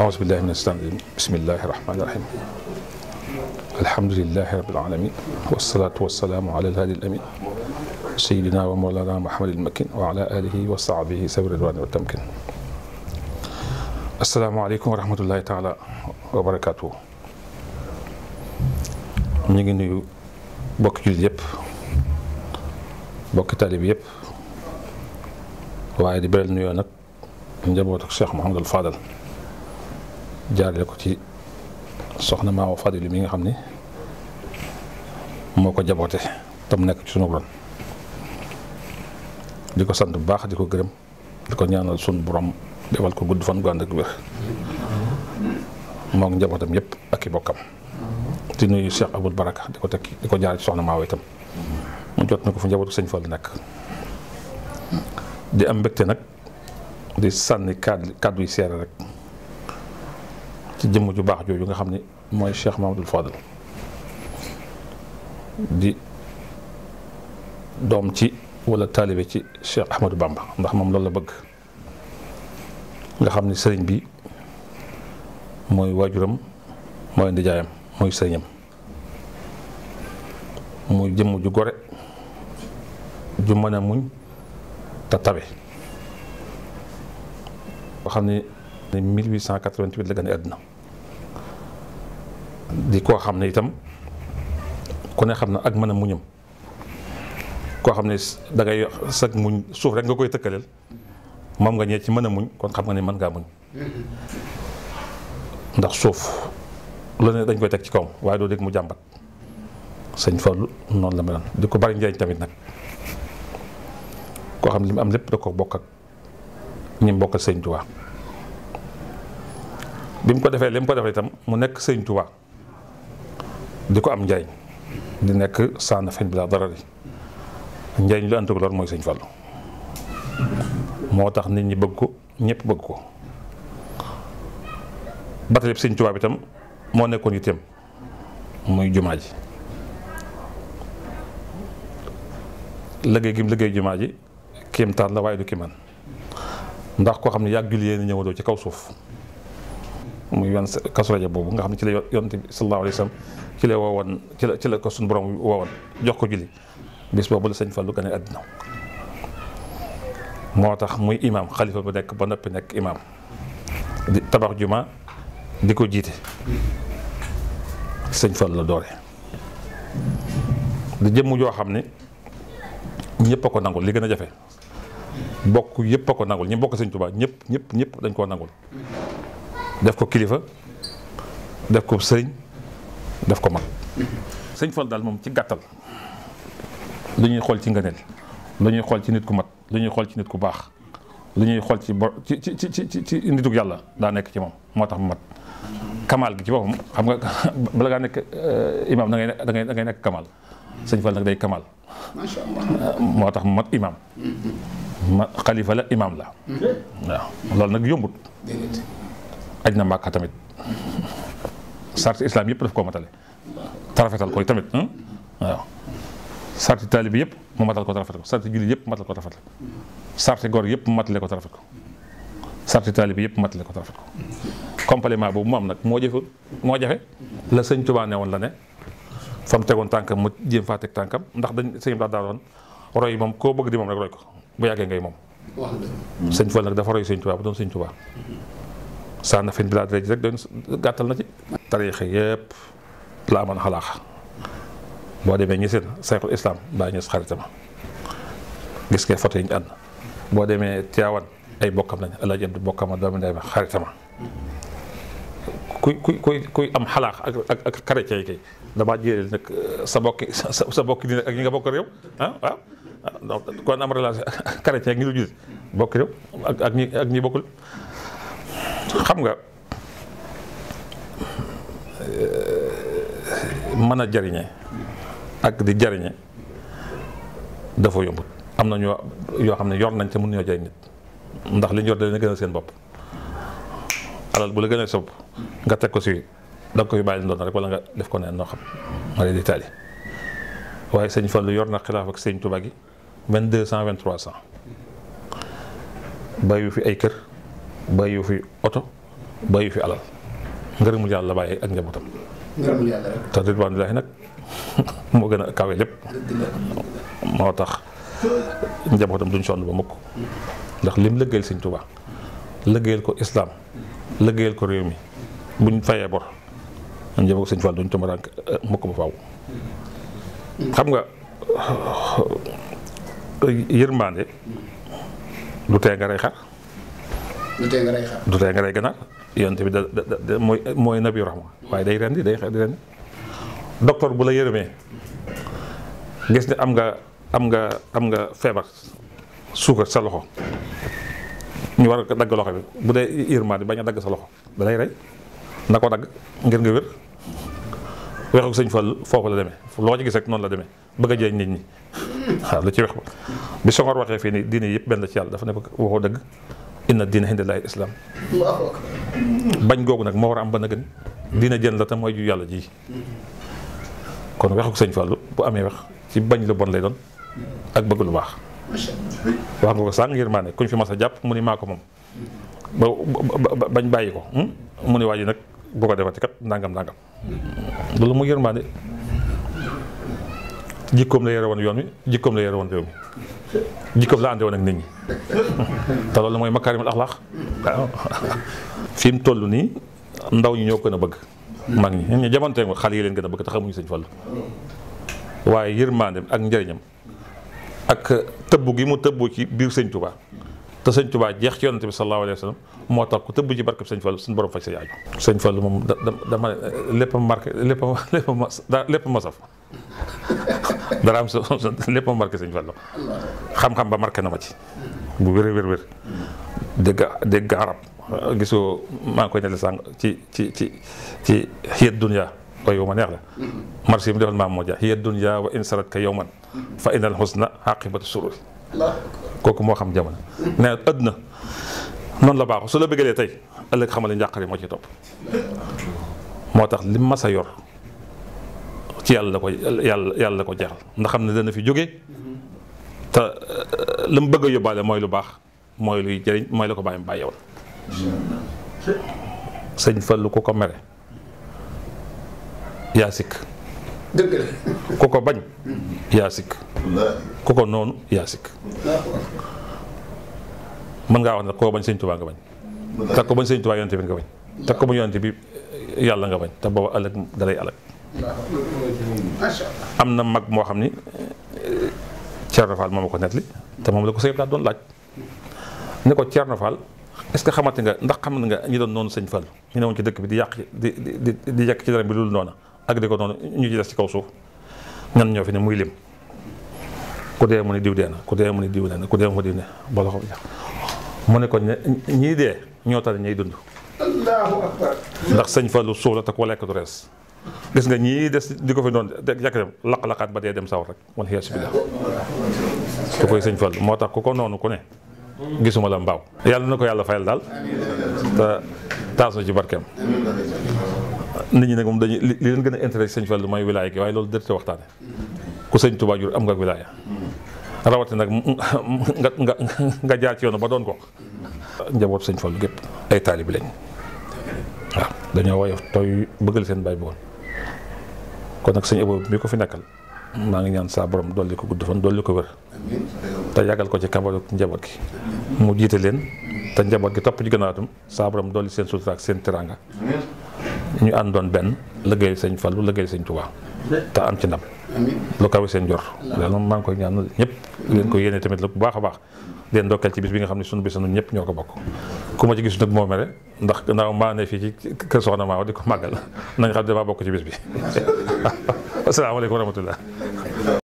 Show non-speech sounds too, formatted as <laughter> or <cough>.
أعوذ بالله من الشيطان الرجيم بسم الله الرحمن الرحيم الحمد لله رب العالمين والصلاة والسلام على الهادي الأمين سيدنا ومولانا محمد المكين وعلى آله وصحبه سبر الوان والتمكين السلام عليكم ورحمة الله تعالى وبركاته ñu ngi nuyu bokki jullit yëpp bokki taalib yëpp waaye di beral nuyoo nag njabootu jaarale ko ci soxna Maawa Fadilu mi nga xam ne moo ko jaboote tam nekk ci sunu borom di ko sant bu baax di ko gërëm di ko ñaanal sunu borom defal ko gudd fan gu ànd ak wér moom njabootam yëpp ak i bokkam di nuyu Cheikh Abdou Baraka di ko teg di ko jaar soxna Maawa itam mu jot na ko fu njabootu sëñ Fall nekk di am mbégte nag di sànni kàddu kàddu yi seere rek ci jëmm ju baax jooju nga xam ni mooy Cheikh Mamadou Fadal di doom ci wala taalibe ci Cheikh Ahmadou Bamba ndax moom loolu la bëgg nga xam ni sëriñ bi mooy waajuram mooy ndijaayam mooy sëriñam muy jëmm ju gore ju mën a muñ te tabe nga xam ni 1888 la gën a àddina di koo xam ne itam ku xam na ak mën a muñam koo xam ne da ngay sag muñ suuf rek nga koy tëkkaleel moom nga ñee ci mën a muñ kon xam nga ne mën ngaa muñ ndax suuf lu ne dañ koy teg ci kawam waaye doo dégg mu jàmbat sëñ Fallu noonu la meloon di ko bari njëriñ tamit nag koo xam ne li mu am lépp da ko bokk ak ñu mu bokkal sëñ Tuubaa ko defee li mu ko mu nekk sëñ di ko am njariñ di nekk saa bi laa dara li njariñ lu ànd ak lor mooy sëñ Fallu moo tax nit ñi bëgg ko ñëpp bëgg ko batale bi sëñ Tuubaa moo nekkoon yitteem muy jumaa ji liggéey gi mu jumaa ji kéemtaan la waaye du man ndax koo xam ne yàgg julli yéen ñëwandoo ci kaw suuf muy yoon kasu boobu nga xam ne ci la yonte bi sallallahu alayhi wa sallam ci la woowoon ci la ci la ko suñu jox ko julli bis boobu la sëñ Fallou gane àddina moo tax muy imaam xalifa bu nekk ba noppi nekk imaam di tabax juma di ko jiite sëñ Fallou la doore di jëmm joo xam ne ñëpp a ko nangul li gën a jafe bokk yëpp a ko nangul ñi bokk sëñ Tuubaa ñëpp ñëpp ñëpp dañ koo nangul def ko kilifa def ko sëriñ def ko mag sëñ Fall daal moom ci gàttal lu ñuy xool ci ngëneel lu ñuy xool ci nit ku mat lu ñuy xool ci nit ku baax lu ñuy xool ci bo ci ci ci ci nitug yàlla daa nekk ci moom moo tax mu mat kamaal gi ci boppam xam nga <laughs> bala ngaa nekk euh, imaam da ngay da ngay da ngay nekk kamaal sëñ Fall nag day kamaal euh, moo tax mu mat imaam xalifa la imaam la mm-hmm. loolu nag yombut aj na màkka tamit sarti islam yëpp daf koo matale tarafetal koy tamit hmm? waaw sarti taalibi yëpp mu matal ko tarafet ko sarti julli yëpp matal ko tarafet ko sarti gor yëpp ko tarafet ko sarti taalibi yëpp matale ko tarafet ko boobu mu am nag moo jëfe moo jafe la sëñ Tuubaa ne woon la ne fa mu tegoon tànkam mu jéem faa teg tànkam ndax dañ sëñ daa daa doon roy moom koo bëgg di moom rek roy ko bu yàggee ngay moom sëñ Fall nag dafa roy sëñ Tuubaa bu doon sëñ Tuubaa saanafin bi laa dara ji rek doon gàttal na ci tariixa yëpp la amoon xalaax boo demee ñiseen sayxul islam baa ñës xaritama gis nga photo yi ñu ànd boo demee Tiwaawan ay bokkam lañ El Hadj Abdou bokkam doomu ndey ma xaritama kuy kuy kuy kuy am xalaax ak ak ak chrétien yi kay damaa jéeréel nag sa bokki sa bokki nii ak ñi nga bokk réew ah waaw donc kon am relation chrétien ak ñi lu jullit bokk réew ak ak ñi ak ñi bokkul xam nga mën a jariñe ak di jariñe dafa yombut am na ñoo yoo xam ne yor nañ te mën ñoo jariñ nit ndax li ñu yor da leen gënal seen bopp alal bu la gënal sa bopp nga teg ko si da nga koy bàyyi doon rek wala nga def ko neen noo xam ma lay di taali waaye sëñ Fallou yor na xilaaf ak sëñ Touba gi vingt deux cent vingt trois cent bàyyi fi ay kër bayu fi auto bayu fi alal ngërëmul yàlla baye ak njabootam. ngërëmul yàlla rek. te ridwaanillaahi nak mo gëna kawe lépp. motax njabotam duñ sonn ba mukk ndax lim lëggéeyal sëñ Tuubaa lëggéeyal ko islaam lëggéeyal ko réew buñ fayee bor am njaboot Fall duñ tumarank mukk ba faaw. xam nga yërmande du tee nga rey xar. du tee nga rey du tee nga rey ganaar yonent bi da mooy mooy nabi rahma waaye day rendi day xeex di rendi docteur bu la yërëmee gis ne am nga am nga am nga feebar suukar sa loxo ñu war a dagg loxo bi bu dee yërmaande bañ a dagg sa loxo da lay rey na ko dagg ngir nga wér. wex ak sëñ Fall foofu la demee loo ci gis rek noonu la demee bëgg a jeeñ nit ñi <laughs> waaw lu ci wex ba bi Senghor waxee fii nii diine yëpp benn la ci yàlla dafa ne waxoo dëgg inna diina hindallahi islam bañ googu nag moo war a am ba na diina jën la te mooy ju yàlla ji kon waxu sëñ Fallou bu amee wax ci bañ lu bon lay doon ak bëgg lu baax wax nga ko sànq yërmaane kuñ fi mas a jàpp mu ni maa ko moom ba bañ bàyyi ko hmm? mu ni waa ji nag boo ko defati kat nangam nangam hmm. loolu mu yërmaane jikkoom la yore woon yoon wi jikkoom la yore woon réew jikkoom la ànde woon ak nit ñi te loolu mooy makaarimul axlaax waaw fi mu toll nii ndaw ñi ñoo gën a bëgg mag ñi ñun ñu jamontee nga xale yi leen gën a bëgg te xamuñu sëñ Fallu waaye yërmandeem ak njëriñam ak tëbb gi mu tëbbu ci biir sëñ Touba te sëñ Touba jeex ci yonante bi sallallahu alayhi wa moo tax ku tëbb ci barkab sëñ Fallu suñ borom faj sa yaaju sëñ Fallu moom dama lépp a marqué lépp masaf dara am sa <laughs> lépp ma marqué sëñ Fallou xam-xam ba marqué na ma ci bu wér wér wér dégg dégg arab gisoo maa ngi koy nele sàng ci ci ci ci xiyat dunya wa yow ma neex la marché yi mu defal maam moo ja xiyat dunya wa insarat ka yow man fa inal xusna aqibatu surur kooku moo xam jamono ne na noonu la baaxoo su la bëggalee tey ëllëg xamal yi moo ci topp moo tax li masa yor ci yàlla la ko yàlla yàlla la ko jeexal ndax xam ne dana fi jóge te eh, la mu bëgg a yóbbaale mooy lu baax mooy luy jëriñ mooy la ko bàyyi mu bàyyi woon sëñ ko mere yaa sikk ko bañ yaa sikk noonu yaa mën ngaa wax ne koo bañ sëñ Tuubaa nga bañ te ko bañ sëñ Tuubaa yonent bi nga bañ te ko bañ yonent bi yàlla nga bañ te booba ëllëg dalay ëllëg am na mag moo xam ni eh, Thierno Fall moom la ko nettali te moom la ko sëñ Abdou doon laaj ne ko Thierno Fall est-ce que xamante nga ndax xam nga ñi doon noonu sëñ Fall ñu ne ci dëkk bi di yàq di di di yàq ci dara bi loolu noona ak di ko noonu ñu ci des ci kaw suuf ñoo fi ne muy lim. ku dee ne diw dee na ku ne diw dee na ku dee mu ne mu ne ko ñii dee ñoo tax ñuy dund. ndax sëñ Fallu suuf la te koo lekk du rees. gis nga ñii des di ko fi de yàq dem laq-laqaat ba dee dem sawar rek wal koy sëñ Fall moo tax ku ko noonu ku ne gisuma la mbaaw yàlla na ko yàlla fayal daal te taas na ci barkeem nit ñi nag moom dañuy li leen gën a intéressé sëñ Fall mooy wilaaya gi waaye loolu dërte waxtaane ku sëñ Tuubaa jur am nga wilaaya rawatina nag nga nga nga jaar ci yoonu ba doon ko njaboot sëñ Fall gépp ay taalibi lañ waaw dañoo woyof tooy bëggal seen baay bi kon nag sëñ Abo mi ko fi nekkal maa ngi ñaan saa borom dolli ko gudd fan dolli ko wér te yàggal ko ci kambaru njaboot gi mu jiite leen te njaboot gi topp ci gannaawatam saa borom dolli seen sutura ak seen teraanga ñu àndoon benn liggéey sëñ Fallu liggéey sañ Tuubaa te am ci ndam lu kawe seen jor loolu maa ngi koy ñaan ñëpp leen ko yéene tamit la bu baax a baax leen ndokkeel ci bis bi nga xam ne sunu bis ñun ñëpp ñoo ko bokk ku ma ci gis nag moo mere ndax ndaw maa ne fii ci kër soxna Maawa di ko màggal <laughs> na nga xam ne damaa bokk ci bis bi <laughs> asalaamaaleykum wa rahmatullah